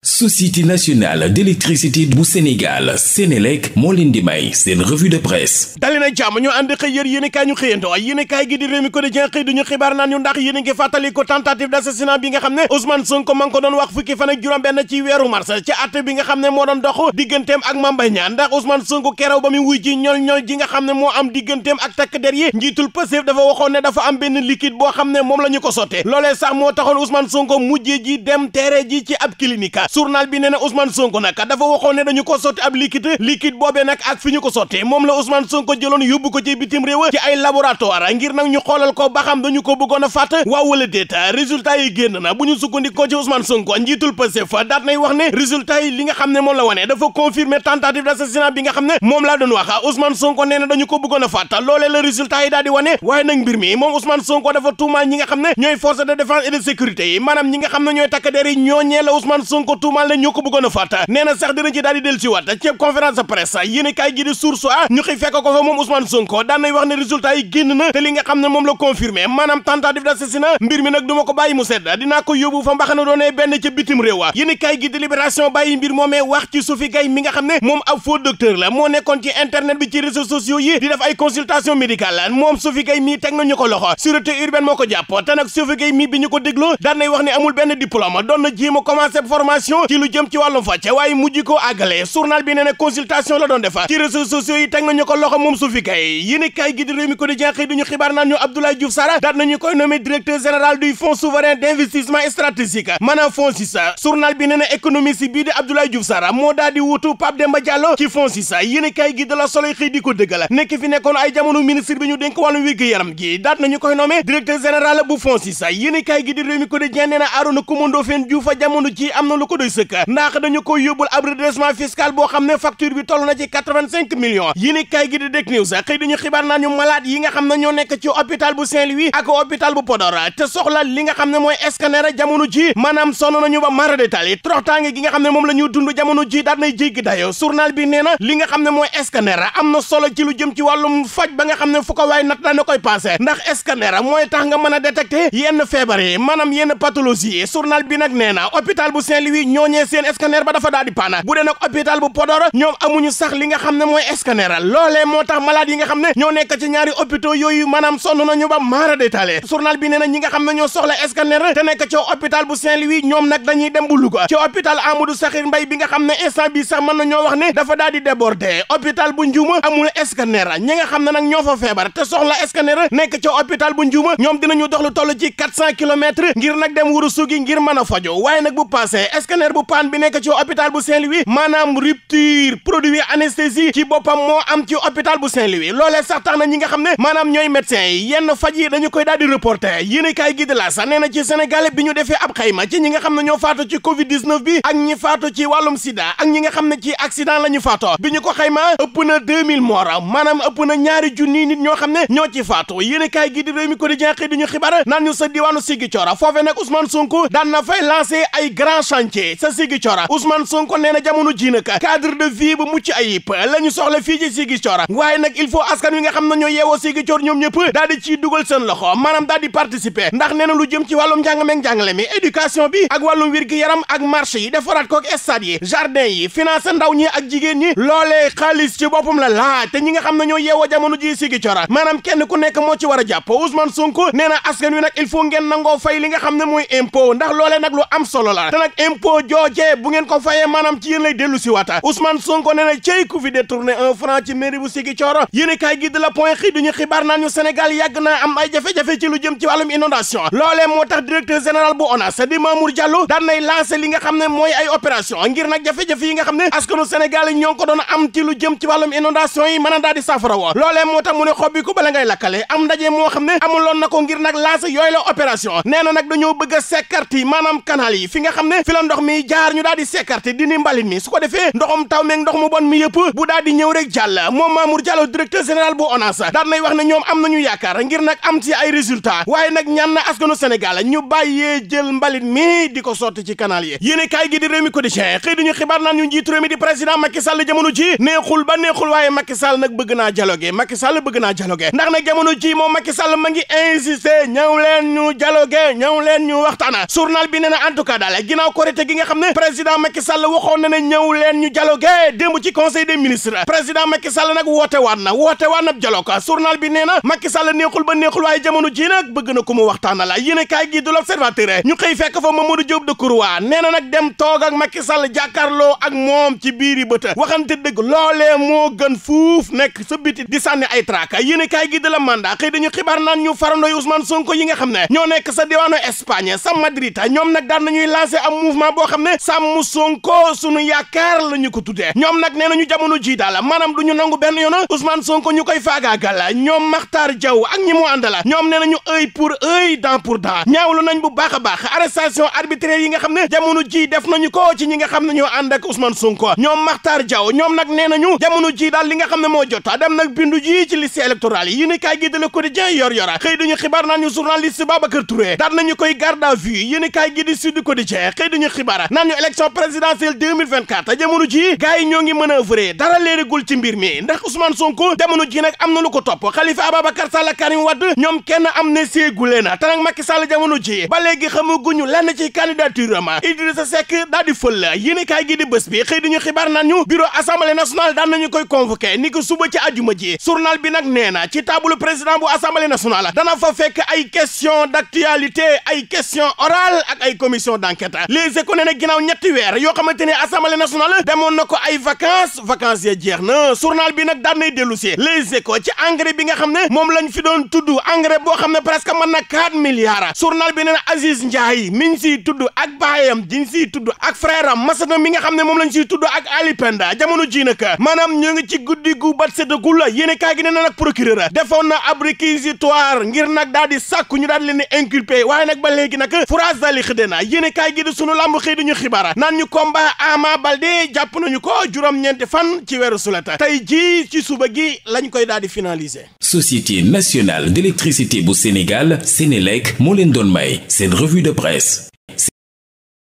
société nationale d'électricité bu Sénégal Sénélec moo leen di may seen revue de presse dali na jàmm ñu ànd xëy yër yéenekaay ñu xëyantoo yéenekaay gi di Rewmi Quotidien xëy duñu xibaar naan ñu ndax yéen ngi fàttali ko tentative d'assassinat bi nga xam ne Ousmane Sonko ma ngi ko doon wax fukki fan ak juróom benn ci weeru mars ci àtte bi nga xam ne moo doon dox digganteem ak Mame Mbaye Niang ndax Ousmane Sonko kerew ba mu wuy ji ñol ñol ji nga xam ne moo am digganteem ak takk der yi njiitul Pastef dafa waxoon ne dafa am benn liquide boo xam ne moom la ñu ko sotte loolee sax moo taxoon Ousmane Sonko mujjee ji dem teere ji ci ab clinique journal bi nee na Ousmane Sonko nag dafa waxoon ne dañu ko sotti ab liquide liquide boobee nag ak fi ñu ko sotti moom la Ousmane Sonko jëloon yóbbu ko ci bitim réew ci ay a ngir nag ñu xoolal ko ba xam dañu ko bëggoon a fàtt waaw wala déet résultat yi génn na bu ñu sukkandikoo ci Ousmane Sonko njiitul Pastef daat nay wax ne résultat yi li nga xam ne moom la doon wax Ousmane Sonko nee na dañu ko bëggoon a fàtt loolee la résultat yi daal di wane waaye nag mbir mi moom Ousmane Sonko nga xam ne ñooy force de défense et de ne ñooy takk der yi ñooñee la tuumaal ne ñoo ko bëggoon na sax dinañ ci daal di del ci waat ci conférence de presse yéen kaay gi di source a ñu xëy fekk ko fa moom Ousmane Sonko daan wax ne résultat yi génn na xam ne moom la confirmé maanaam tentative d'assassinat mbir mi nag du ma ko mu sedd dinaa ko yóbbu fa mbaxana doonee benn ca bitim réew wa yéen gi di libération bàyyi mbir moomee wax ci Sophie Gaye mi nga xam ne moom ab faux docteur la moo nekkoon ci internet consultation ci lu jëm ci wàllum waaye mujj ko àggale bi nee na la doon defa ci réseaux sociaux yi teg nañu ko loxo moom su kay yéen i gi di mi ko di jenqëy duñu xibaar naan ñu Abdoulaye Diouf Sarr daat nañu koy nommé directeur général du fonds souverain d'investissement stratégique maanaam fonds si sa bi nee na bii di Abdoulaye Diouf Sarr moo daal wutu Pape Demba Diallo ci fonds si sa yéen gi da la soloy di ko dëggal nekk fi nekkoon doy sëkk ndax dañu ko yóbbul ab redressement fiscal boo xam ne facture bi toll na ci quatre-vingt-cinq millions yi ni kay gi di dek news xëy dañu xibaar naa ñu malade yi nga xam ne ñoo nekk ci hôpital bu Saint-Louis ak hôpital bu Podor te soxla li nga xam ne mooy scanner jamono ji maanaam sonn nañu ba mara détail troxtaange gi nga xam ne moom la ñuy dund jamono ji daal nay dayo journal bi nee li nga xam ne mooy scanner am na solo ci lu jëm ci wàllum a ñooñee seen scanner ba dafa daal di paana bu dee nag hôpital bu Podor ñoom amuñu sax nga xam ne mooy scanner loolee moo tax malade yi nga xam ne ñoo nekk ci ñaari hôpitaux yooyu maanaam sonn nañu ba maara détaillé journal bi nee na ñi nga xam ne ñoo soxla scanner te nekk ci hôpital bu Saint-Louis ñoom nag dañuy dem bu Louga ci hôpital Amadou Sakhir Mbaye bi nga xam ne instant bi sax mën na ñoo wax ne dafa daal di débordé hôpital bu Ndiouma amul scanner ñi nga xam ne nag ñoo fa feebar te soxla scanner nekk ci hôpital bu Ndiouma ñoom dinañu dox lu toll ci 400 kilomètres ngir nag dem Ourossogui ngir mën a fajo waaye nag bu fonctionnaire bu paan bi nekk ci hôpital bu Saint-Louis maanaam rupture produit anesthésie ci boppam moo am ci hôpital bu Saint-Louis loolee sax tax na ñi nga xam ne maanaam ñooy médecin yi yenn faj yi dañu koy daal di reporter yéen kaay gi de la sax nee na ci Sénégal bi ñu defee ab xayma ci ñi nga xam ne ñoo faatu ci Covid 19 bi ak ñi faatu ci wàllum sida ak ñi nga xam ne ci accident la ñu faatoo bi ñu ko xayma ëpp na 2000 morts maanaam ëpp na ñaari junni Mali sa Ziguinchor Ousmane Sonko nee na jamono ji nag cadre de vie bu mucc ayib la ñu soxla fii ci Ziguinchor waaye nag il faut askan wi bi ak wàllum wér-gi-yaram ak marché ñi ak jigéen ñi loolee xaalis ci boppam la laaj te ñi nga xam ne ñoo yeewoo jamono ji Ziguinchor maanaam kenn ku nekk moo ci war a jàpp Ousmane Sonko nee na askan wi nag il faut ngeen nangoo fay li nga xam ne mooy impôt ndax loolee nag lu am solo la te nag impôt impôt joojee bu ko fayee maanaam ci yéen lay dellu si waata Ousmane Sonko nee cey ku fi détourné un franc ci bu Ziguinchor yéen i kaay gi de la point xibaar naan ñu Sénégal yàgg na am ay jafe-jafe ci lu jëm ci wàllum inondation loolee moo tax directeur général bu ONAS di Mamour Diallo daan nay lancé li nga xam ne mooy ay opération ngir nag jafe-jafe yi nga xam ne askanu Sénégal ñoo ngi ko doon am ci lu jëm ci wàllum inondation yi mën a a ndox mi jaar ñu daal di sécarte dindi mbalit mi su ko defee ndoxum taw meeg ñu bàyyee jël ñu naa dialogue Macky Sall bëgg naa dialogue ndax nag waxtaana journal bi na en tout cas daal gi nga xam ne président Macky Sall waxoon na ne ñëw leen ñu dialogué démb ci conseil des ministres président Macky Sall nag woote waat na woote waat na dialogue journal bi nee na Macky Sall neexul ba neexul waaye jamono ji nag bëgg na ku mu waxtaana la yéen a kaay gi du l'observateur ñu xëy fekk fa Mamadou Diop Decroix nee na nag dem toog ak Macky Sall ak moom ci biiri bëta waxante dëgg loolee moo gën fuuf nekk sa biti di sànni ay traak yéen a kaay gi de la mandat yi nga xam ne ñoo nekk sa diwaanu sa Madrid ñoom nag daan boo xam ne sàmm Sonko sunu yaakaar la ñu ko tuddee ñoom nag nee na ñu jamono jii daala maanaam du ñu nangu benn yoon Ousmane Sonko ñu koy faagaagal ñoom Makhtar jaw ak ñi mu àndala ñoom nee nañu œil pour œil dent pour dent ñaawlu nañ bu baax a baax arrestation arbitraire yi nga xam ne jamono ji def nañu ko ci ñi nga xam ne ñu ànd ak Ousmane Sonko ñoom Makhtar Diaw ñoom nag nee ñu jamono jii daal li nga xam ne moo jot dem nag bindu ji ci liste électorale yi yéen kaay gi di Le Quotidien yor yora xëy duñu xibaar naan ñu journaliste Babacar Touré bara naan ñu élection présidentielle 2024 jamono ji gars ñoo ngi manœuvrer dara léeragul ci mbir mi ndax Ousmane Sonko jamono ji nag am na lu ko topp Khalifa Ababacar Sall Karim Wade ñoom kenn am ne séegule na te nag Macky Sall jamono ji ba léegi xamaguñu lenn ci candidature ama Idrissa Seck daal di fël yéen kaay gi di bés bi xëy diñu xibaar naan ñu bureau assemblée nationale daan nañu koy convoqué ni suba ci ajuma ji journal bi nag nee ci table président ne nag ginnaaw ñetti weer yoo xamante ne assemblée nationale demoon na ko ay vacances vacances ya jeex na journal bi nag daan nay dellu si Les Échos ci engrais bi nga xam ne moom lañ fi doon tudd engrais boo xam ne presque man na 4 milliards journal bi nee na Aziz Ndiaye mi ngi siy tudd ak baayam ji ngi siy tudd ak frère am Masana mi nga xam ne moom lañ siy tudd ak Ali Penda jamono ji nag maanaam ñoo ngi ci guddi gu bat séddagul yéen kaay gi nee na defoon na ab réquisitoire ngir nag daal di sàkku ñu daal leen di inculper waaye nag ba léegi nag fourage na yéen kaay gi di sunu lamb xëy dañu xibaara naan ñu combat Ama Baldé jàpp nañu ko juróom-ñeenti fan ci weeru sulata tey jii ci suba gi lañ koy daal di finaliser. Société nationale d'électricité bu Sénégal Sénélec moo leen doon may seen revue de presse.